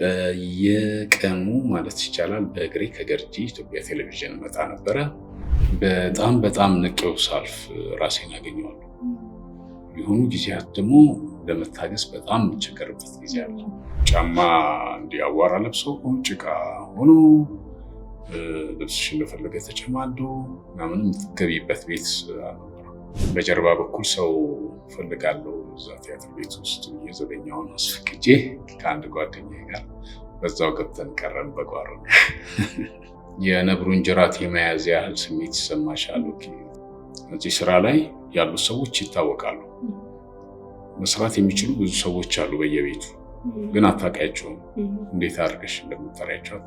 በየቀኑ ማለት ይቻላል በእግሬ ከገርጂ ኢትዮጵያ ቴሌቪዥን መጣ ነበረ። በጣም በጣም ንቄው ሳልፍ ራሴን አገኘዋለሁ። የሆኑ ጊዜያት ደግሞ ለመታገስ በጣም የምቸገርበት ጊዜ አለ። ጫማ እንዲህ አቧራ ለብሶ ጭቃ ሆኖ ልብስሽ እንደፈለገ ተጨማዶ ምናምን የምትገቢበት ቤት አልነበረም። በጀርባ በኩል ሰው ፈልጋለሁ እዛ ቲያትር ቤት ውስጥ የዘበኛውን አስፈቅጄ ከአንድ ጓደኛ ጋር በዛው ገብተን ቀረን። በጓሮ የነብሩን ጅራት የመያዝ ያህል ስሜት ይሰማሻል። እዚህ ስራ ላይ ያሉት ሰዎች ይታወቃሉ። መስራት የሚችሉ ብዙ ሰዎች አሉ በየቤቱ ግን አታውቂያቸውም። እንዴት አድርገሽ እንደምጠሪያቸው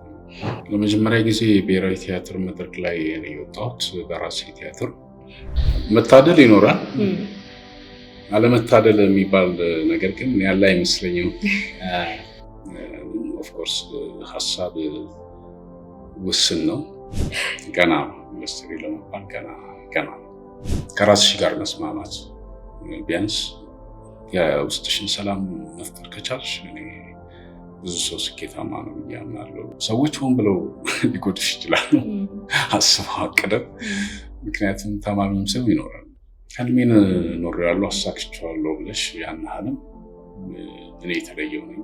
ለመጀመሪያ ጊዜ ብሔራዊ ቲያትር መድረክ ላይ የወጣሁት በራሴ ቲያትር መታደል ይኖራል። አለመታደል የሚባል ነገር ግን ያለ አይመስለኝም። ኦፍኮርስ ሀሳብ ውስን ነው። ገና ኢንዱስትሪ ለመባል ገና ገና ከራስሽ ጋር መስማማት ቢያንስ የውስጥሽን ሰላም መፍጠር ከቻልሽ ብዙ ሰው ስኬታማ ነው ብዬ አምናለሁ። ሰዎች ሆን ብለው ሊጎድሽ ይችላሉ አስበው አቅደም። ምክንያቱም ተማሚም ሰው ይኖራል ህልሜን ኖሬያለሁ አሳክቼዋለሁ ብለሽ ያን ህልም እኔ የተለየው ነኝ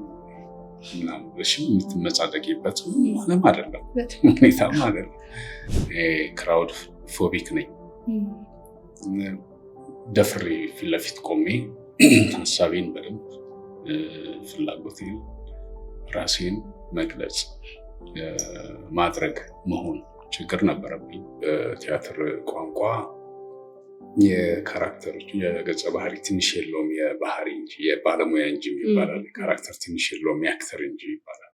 ምናምን ብለሽ የምትመጻደቂበት ህልም አደለም፣ ሁኔታም አደለም። ክራውድ ፎቢክ ነኝ። ደፍሬ ፊት ለፊት ቆሜ ሀሳቤን በደንብ ፍላጎቴን ራሴን መግለጽ ማድረግ መሆን ችግር ነበረብኝ። በቲያትር ቋንቋ የካራክተር የገጸ ባህሪ ትንሽ የለውም የባህሪ እንጂ የባለሙያ እንጂ ይባላል። የካራክተር ትንሽ የለውም የአክተር እንጂ ይባላል።